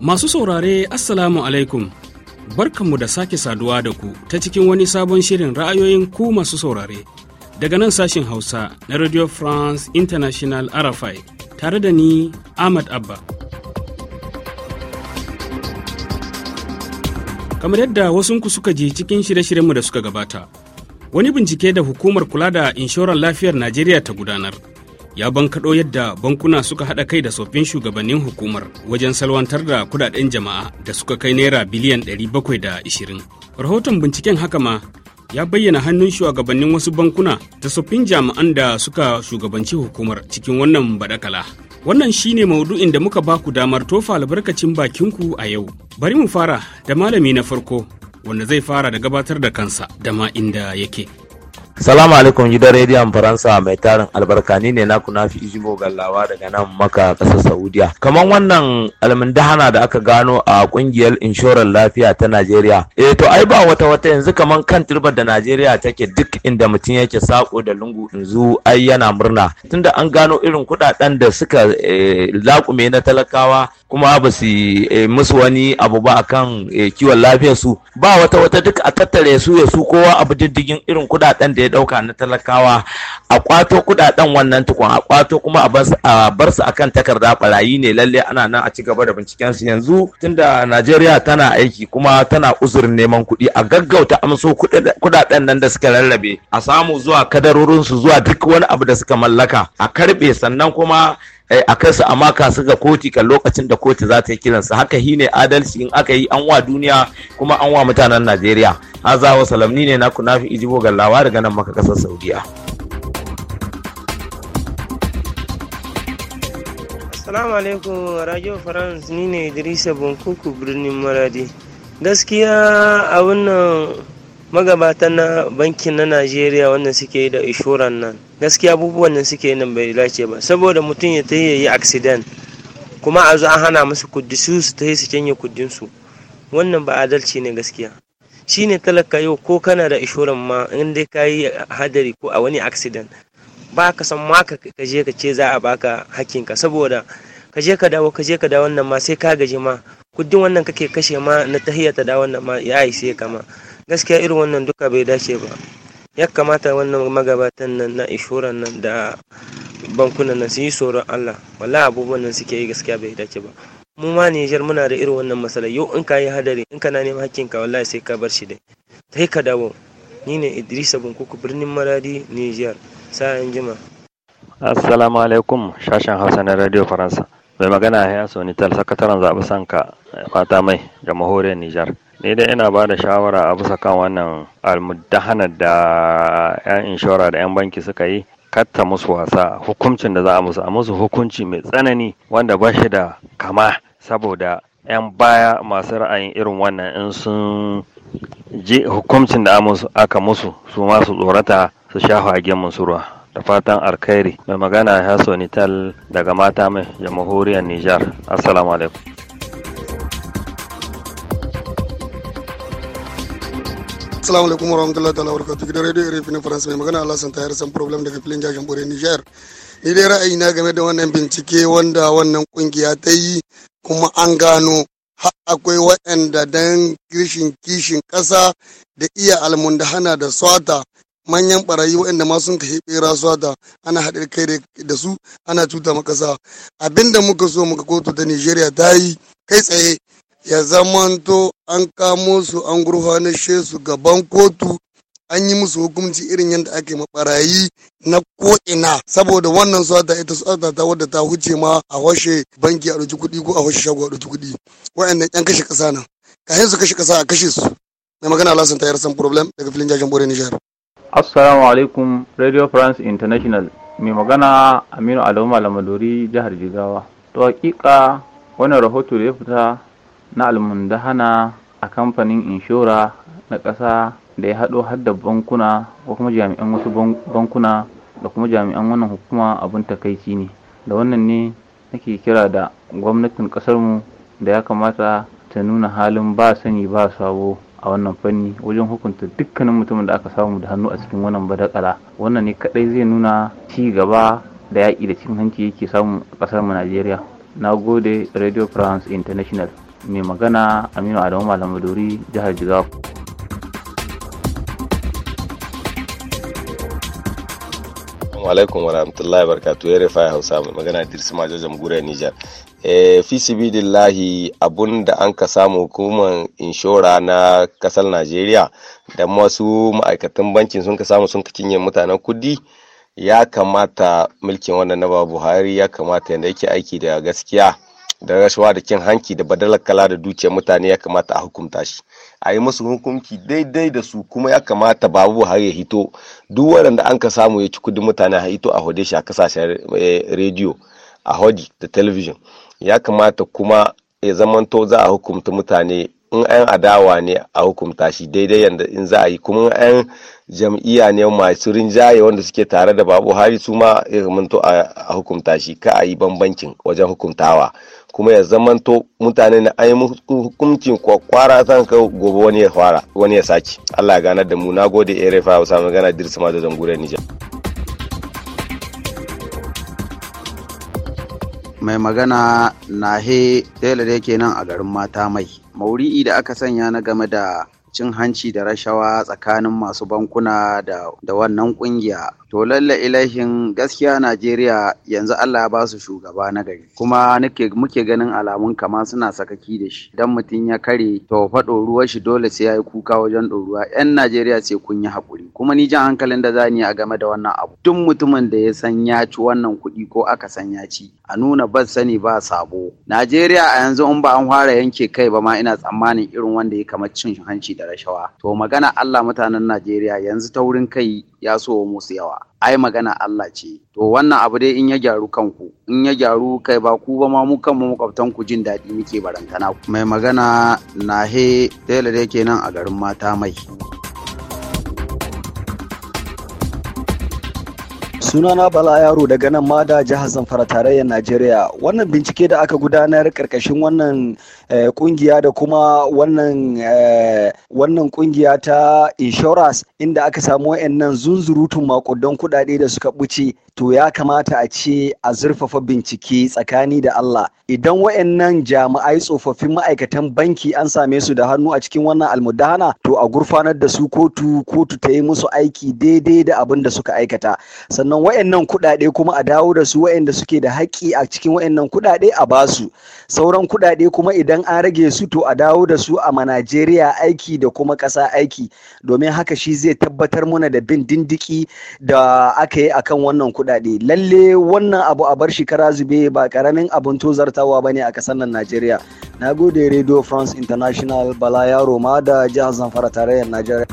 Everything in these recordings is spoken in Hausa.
Masu saurare Assalamu alaikum. Barkanmu da sake saduwa da ku ta cikin wani sabon shirin ra'ayoyin ku masu saurare. Daga nan sashen Hausa na Radio France International RFI tare da ni Ahmad Abba. Kamar yadda wasunku suka je cikin shirye-shiryenmu da suka gabata, wani bincike da hukumar kula da inshorar lafiyar najeriya ta gudanar ya bankaɗo yadda bankuna suka haɗa kai da tsoffin shugabannin hukumar wajen salwantar da kudaden jama'a da suka kai naira biliyan 720 rahoton binciken haka ma ya bayyana hannun shugabannin wasu bankuna da tsoffin jami'an da suka shugabanci hukumar cikin wannan badakala wannan shine maudu'in da muka baku damar tofa albarkacin bakinku a yau bari mu fara da malami na farko wanda zai fara da gabatar da kansa da ma inda yake. Salamu alaikum gidan rediyon Faransa mai tarin albarka ni ne naku nafi Ijibo Gallawa daga nan maka ƙasar Saudiya. Kamar wannan almundahana da aka gano a ƙungiyar inshorar lafiya ta Najeriya. E, to ai ba wata wata yanzu kamar kan turbar da Najeriya take duk inda mutum yake sako da lungu yanzu ai yana murna. Tunda an gano irin kuɗaɗen da suka eh, laƙume na talakawa kuma ba su eh, musu wani abu ba akan eh, kiwon lafiyarsu. ba wata wata duk a tattare su ya su kowa abu diddigin irin kudaden da ya dauka na talakawa a kwato kudaden wannan tukun a kwato kuma a bar su akan takarda barayi ne lalle ana nan a ci gaba da binciken su yanzu tunda Najeriya tana aiki kuma tana uzurin neman kuɗi a gaggauta amso kudaden nan da suka rarrabe a samu zuwa kadarorin su zuwa duk wani abu da suka mallaka a karbe sannan kuma Eh, a kansu amma maka su ga koti kan lokacin da koti za ta yi kiransu haka hi ne adalci in aka yi an wa duniya kuma an wa mutanen najeriya za wa salamni ne na kunafi ijibo gallawa daga nan maka kasar saudiya Assalamu alaikum Radio France ni ne Idrisa Bankuku birnin Maradi. Gaskiya a wannan magabatan na bankin na najeriya wanda suke da inshoran nan gaskiya abubuwan nan suke nan bai dace ba saboda mutum ya ta yi accident kuma a zo an hana musu kuddi su su ta yi su canye kuddinsu wannan ba adalci ne gaskiya shi ne talaka yau ko kana da ishoran ma in dai ka yi hadari ko a wani accident ba ka san ma ka je ka ce za a baka hakinka saboda ka je ka dawo ka je ka dawo wannan ma sai ka gaji ma kudin wannan kake kashe ma na tahiyata da wannan ma ya ishe ka ma gaskiya irin wannan duka bai dace ba ya kamata wannan magabatan nan na ishura nan da bankunan nan su yi tsoron Allah wala abubuwan nan suke yi gaskiya bai dace ba mu ma Nijar muna da irin wannan masala yau in ka yi hadari in kana neman hakkin ka wallahi sai ka bar shi dai sai ka dawo ni ne Idrisa Bunkuku birnin Maradi Nijar sa'an jima Assalamu alaikum shashin Hausa na Radio Faransa mai magana ya tal sakataren zaɓi sanka fata mai jamhuriyar Nijar ne dai ina ba da shawara a bisa kan wannan almudahanar da 'yan inshora da 'yan banki suka yi katta musu wasa hukuncin da za a musu a musu hukunci mai tsanani wanda ba shi da kama saboda 'yan baya masu ra'ayin irin wannan in sun ji hukuncin da aka musu su masu tsorata su sha hagen musu ruwa da fatan alkhairi mai magana ya sonital daga mata mai jamhuriyar nijar assalamu alaikum Assalamu alaikum warahmatullahi ta'ala wabarakatuh gidan radio irin finin France mai magana san Tahir san problem daga filin jashin Bore Niger. Ni dai ra'ayi na game da wannan bincike wanda wannan kungiya ta yi kuma an gano har akwai waɗanda dan kishin kishin ƙasa da iya almun da swata manyan barayi waɗanda ma sun kai bera swata ana haɗar kai da su ana cuta ma ƙasa abinda muka so muka kotu ta Nigeria ta yi kai tsaye ya zamanto an kamo su an gurfanashe su gaban kotu an yi musu hukunci irin yadda ake mabarayi na ko'ina saboda wannan sata ita sata ta wadda ta huce ma a washe banki a ɗauki kuɗi ko a washe shago a ɗauki kuɗi wa'annan yan kashe ƙasa nan kayan su kashe ƙasa a kashe su mai magana lasan tayar san problem daga filin jajen bore nijar assalamu alaikum radio france international mai magana aminu adamu malamadori jihar jigawa to hakika wannan rahoto da ya fita na almundahana a kamfanin inshora na ƙasa da ya haɗo har da bankuna ko kuma jami'an wasu bankuna da kuma jami'an wannan hukuma abin takaici ne da wannan ne nake kira da gwamnatin ƙasarmu da ya kamata ta nuna halin ba sani ba sabo a wannan fanni wajen hukunta dukkanin mutumin da aka samu da hannu a cikin wannan badakala wannan ne kadai zai nuna ci gaba da yaƙi da cin hanci yake samu a mu najeriya na gode radio france international mai magana aminu adamu malam jihar jigawa alaikum wa rahmatullahi barkatu ya rufa hausa mai magana dirsi majo jamhuriyar nijar eh, fi sibidillahi abun da an ka samu hukumar inshora na kasar najeriya da masu ma'aikatan bankin sun ka samu sun ka cinye mutanen kudi ya kamata mulkin wannan na buhari ya kamata yadda yake aiki da gaskiya da rashawa da kin hanki da badalar kala da dukiyar mutane ya kamata a hukunta shi a yi musu hukunci daidai da su kuma ya kamata babu har ya hito duk waɗanda an ka samu ya ci kudin mutane a hito a hode shi a kasashen eh, rediyo a hodi da talabijin ya kamata kuma ya zamanto za a hukunta mutane in an adawa ne a hukunta shi daidai yadda in za a yi kuma an jam'iyya ne masu rinjaye wanda suke tare da babu hari su ma manto a hukunta shi ka a yi bambancin wajen hukuntawa kuma ya zamanto mutane na ayi yi hukuncin kwakwara san ka gobe wani ya fara wani ya saki Allah ya ganar da mu na gode erefa hausa magana ma da zangure Nijar. mai magana he tela da yake nan a garin mata mai mauri'i da aka sanya na game da cin hanci da rashawa tsakanin masu bankuna da wannan kungiya to lalla ilahin gaskiya Najeriya yanzu Allah ya ba su shugaba na gari kuma nake muke ganin alamun kama suna sakaki da shi dan mutum ya kare to fa ruwa shi dole sai ya yi kuka wajen ɗoruwa yan Najeriya sai kun yi hakuri kuma ni jan hankalin da zani a game da wannan abu duk mutumin da ya san ya ci wannan kuɗi ko aka san ya ci a nuna ba sani ba sabo Najeriya a yanzu in ba an fara yanke kai ba ma ina tsammanin irin wanda ya kamar cin hanci da rashawa to magana Allah mutanen Najeriya yanzu ta wurin kai ya so musu yawa ai magana Allah ce to wannan abu dai in ya gyaru kanku in ya gyaru kai ba ku ba ma mu kanmu makwabtan ku jin daɗi muke barantana mai magana nahe tela da yake nan a garin mata mai Sunana Bala Yaro daga nan ma da jihar Zamfara tarayyar Najeriya. Wannan bincike da aka gudanar karkashin wannan kungiya eh, da kuma wannan eh, wannan kungiya ta insurance inda aka samu wayannan zunzurutun makudan kudade da suka buce to ya kamata a ce a zurfafa bincike tsakani da Allah idan wayannan jami'ai tsofaffin ma'aikatan banki an same su da hannu a cikin wannan almudahana to a gurfanar da su kotu kotu ta yi musu aiki daidai da abin da suka aikata sannan wayannan kuɗaɗe kuma a dawo da su wayanda suke da haƙƙi a cikin wayannan kuɗaɗe a basu sauran kuɗaɗe kuma idan an rage su to a dawo da su a ma Najeriya aiki da kuma ƙasa aiki domin haka shi zai tabbatar mana da bin dindiki da aka yi akan wannan kuɗaɗe daɗi lalle wannan abu a bar shekara zube ba karamin abin tozartawa ba ne a ƙasar nan najeriya na gode radio france international bala yaro ma da jihar zamfara tarayyar najeriya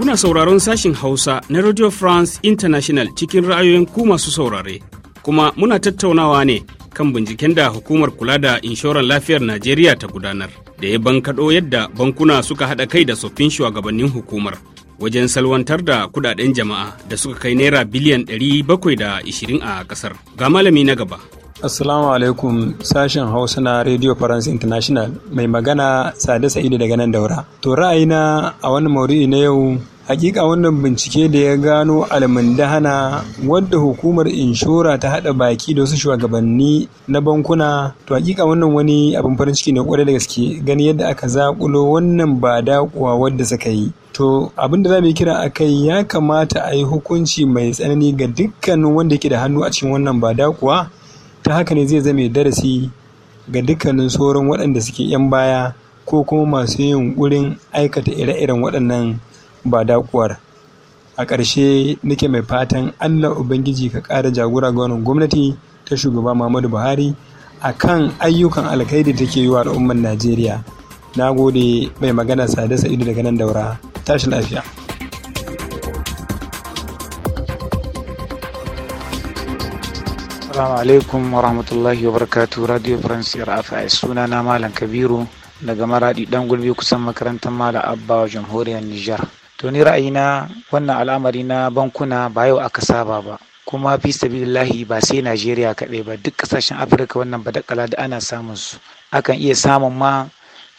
Kuna sauraron sashin Hausa na Radio France International cikin ra'ayoyin ku masu saurare, kuma muna tattaunawa ne kan binciken da hukumar kula da inshorar lafiyar Najeriya ta gudanar da ya bankaɗo yadda bankuna suka haɗa kai da tsoffin shugabannin hukumar wajen salwantar da kudaden jama'a da suka kai naira biliyan 720 a kasar. Ga malami na gaba. Assalamu alaikum sashen Hausa na Radio France International mai magana Sade Sa'idu daga nan daura. To ra'ayina a wani maudu'i na yau Hakika wannan bincike da ya gano almundahana wadda hukumar inshora ta haɗa baki da wasu shugabanni na bankuna to hakika wannan wani abin farin ciki ne kwarai da gaske gani yadda aka zakulo wannan ba dakuwa wadda suka yi. To abin da za mu kira a kai ya kamata a yi hukunci mai tsanani ga dukkanin wanda yake da hannu a cikin wannan ba dakuwa ta haka ne zai zame darasi ga dukkanin sauran waɗanda suke 'yan baya ko kuma masu yunƙurin aikata ire-iren waɗannan ba dakuwar a ƙarshe nake mai fatan allah ubangiji ka ƙara jagora ga wannan gwamnati ta shugaba muhammadu buhari a kan ayyukan alkhairi da ke yi wa al'ummar najeriya na gode mai magana sada sa'idu daga nan daura tashi lafiya Assalamu alaikum wa rahmatullahi wa barakatu Radio France RFI suna na Malam Kabiru daga maradi dan gulbi kusan makarantar Malam Abba jamhuriyar Nijar. to ni ra'ayina wannan al'amari na bankuna ba yau aka saba ba kuma fi sabilillahi ba sai najeriya kaɗai ba duk ƙasashen afirka wannan ba da ana samun su akan iya samun ma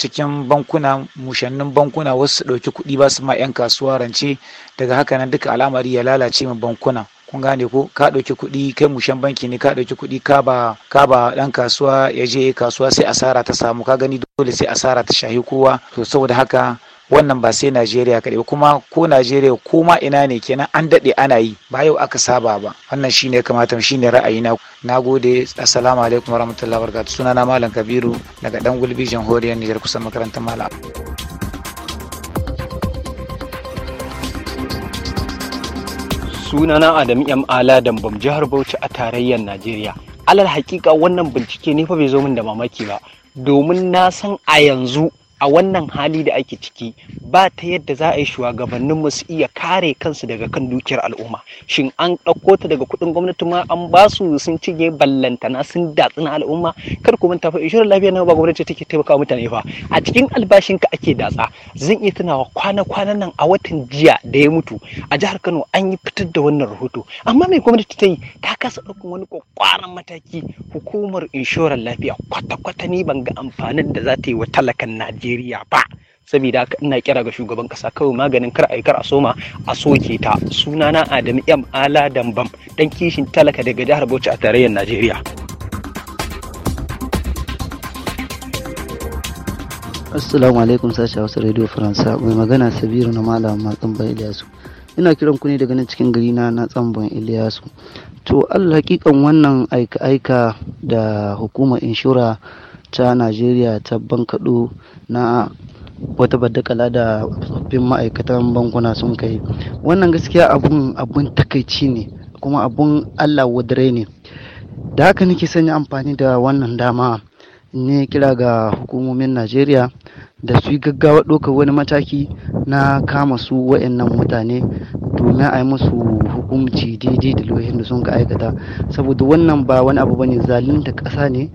cikin bankuna mushannin bankuna wasu ɗauki kuɗi ba su ma 'yan kasuwa rance daga haka nan duka al'amari ya lalace min bankuna kun gane ko ka ɗauki kuɗi kai mushen banki ne ka ɗauki kuɗi ka ba ka ba ɗan kasuwa ya je kasuwa sai asara ta samu ka gani dole sai asara ta shahi kowa to saboda haka wannan ba sai najeriya kaɗai ba kuma ko najeriya ko ma ina ne kenan an daɗe ana yi ba yau aka saba ba wannan shine ya kamata shine ra'ayina na gode assalamu alaikum warahmatullahi wabarakatuh sunana malam kabiru daga dan gulbi jamhuriyar nijar kusan makarantar malam sunana Adam M. Aladan Bam jihar Bauchi a tarayyar Najeriya. Alal hakika wannan bincike ne fa bai zo min da mamaki ba, domin na san a yanzu a wannan hali da ake ciki ba ta yadda za a yi shugabannin su iya kare kansu daga kan dukiyar al'umma shin an ɗauko ta daga kuɗin gwamnati ma an ba su sun cige ballantana sun datsi na al'umma kar ku manta fa inshorar lafiya na ba gwamnati take taimaka mutane fa a cikin albashinka ake datsa zan iya tunawa kwana kwana nan a watan jiya da ya mutu a jihar Kano an yi fitar da wannan rahoto amma mai gwamnati ta yi ta kasa ɗaukar wani kwakwaran mataki hukumar inshorar lafiya kwata-kwata ni ban ga amfanin da za ta yi wa talakan Najeriya Najeriya ba saboda ina kira ga shugaban kasa kawai maganin kar aikar a soma a soke ta suna na Adamu M Ala Dambam dan kishin talaka daga jihar Bauchi a tarayyar Najeriya Assalamu alaikum sashi Hausa Radio Faransa mai magana Sabiru na Malam Matsan Ban Ilyasu ina kiran ku ne daga nan cikin gari na na tsamban Ilyasu to allah hakikan wannan aika-aika da hukumar inshura ta Najeriya ta bankaɗo na wata baddakala da tsoffin ma'aikatan bankuna sun kai wannan gaskiya abun abun takaici ne kuma abun allah wadare ne da haka nake sanya amfani da wannan dama ne kira ga hukumomin najeriya da su yi gaggawa ɗaukar wani mataki na kama su wa'annan mutane domin a yi musu hukunci daidai da lohin da sun ka aikata saboda wannan ba wani abu bane zalunta kasa ne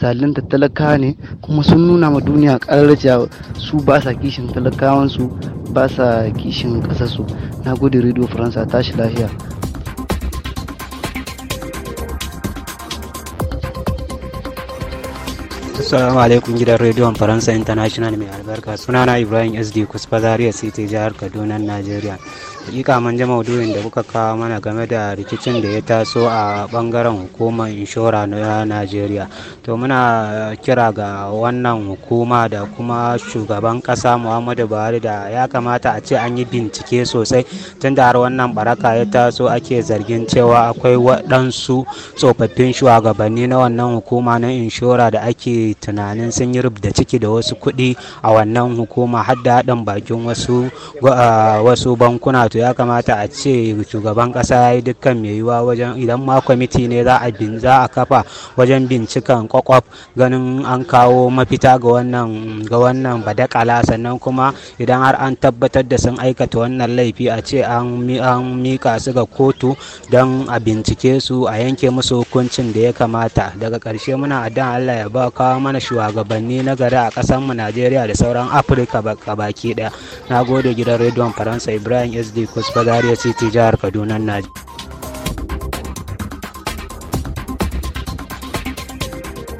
zalunta talaka ne kuma sun nuna ma duniya ƙararraciya su ba sa kishin talakawansu ba sa kishin ƙasarsu na gode radio faransa tashi lafiya Assalamu alaikum gidan rediyon Faransa International mai albarka sunana Ibrahim SD Kusfa Zaria ta jihar Kaduna nigeria. Hakika mun ji maudu'in da kuka kawo mana game da rikicin da ya taso a bangaren hukumar inshora na Najeriya. To muna kira ga wannan hukuma da kuma shugaban kasa Muhammadu Buhari da ya kamata a ce an yi bincike sosai tunda da har wannan baraka ya taso ake zargin cewa akwai waɗansu tsofaffin shugabanni na wannan hukuma na inshora da ake tunanin sun yi rubda ciki da wasu kuɗi a wannan hukuma har da haɗin bakin wasu bankuna to ya kamata a ce shugaban kasa ya yi dukkan mai yiwa wajen idan ma kwamiti ne za a bin za a kafa wajen bincikan kwakwaf ganin an kawo mafita ga wannan ga wannan badakala sannan kuma idan har an tabbatar da sun aikata wannan laifi a ce an mika su ga kotu don a bincike su a yanke musu hukuncin da ya kamata daga karshe muna addan Allah ya ba kawo mana shugabanni na gari a ƙasar mu Najeriya da sauran Afirka baki ɗaya. Na gode gidan rediyon Faransa Ibrahim SD Alhaji Kusfa Zaria City jihar Kaduna Najeriya.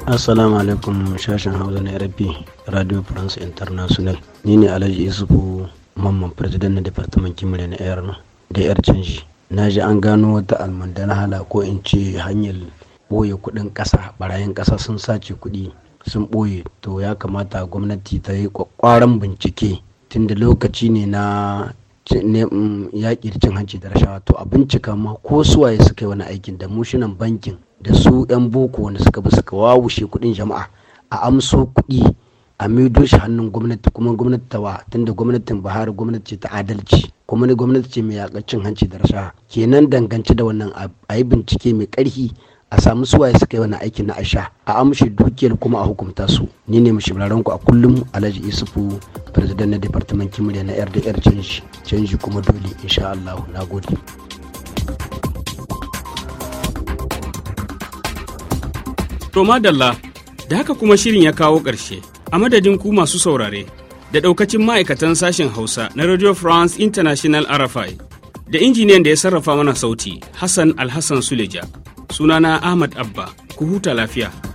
Assalamu alaikum shashin Hausa na rp Radio France International. Ni ne Alhaji Isufu mamman president na Departament Kimiyya na Air da Air Canji. Na ji an gano wata na hala ko in ce hanyar ɓoye kuɗin ƙasa barayin ƙasa sun sace kuɗi sun ɓoye to ya kamata gwamnati ta yi ƙwaƙwaran bincike tunda lokaci ne na Mm, yaƙi da cin hanci da rashawa to a bincika ma ko suwaye suka yi wani aikin da mushinan bankin da su 'yan boko wanda suka bi suka wawushe kuɗin jama'a a amso kuɗi a maido shi hannun gwamnati kuma gwamnati ta tunda gwamnatin buhari gwamnati ce ta adalci kuma ne gwamnati ce mai yaƙar cin hanci da rashawa kenan dangance da wannan a yi bincike mai ƙarfi a samu suwaye suka yi wani aiki na asha a amshi dukiyar kuma a hukumta su ni ne mashimraran ku a kullum alhaji isufu president na departamentin murya na rdr change canji kuma dole insha Allah na gode to madalla da haka kuma shirin ya kawo ƙarshe a madadin ku masu saurare da ɗaukacin ma'aikatan sashen hausa na radio france international rfi da injiniyan da ya sarrafa mana sauti hassan alhassan suleja sunana ahmad abba ku huta lafiya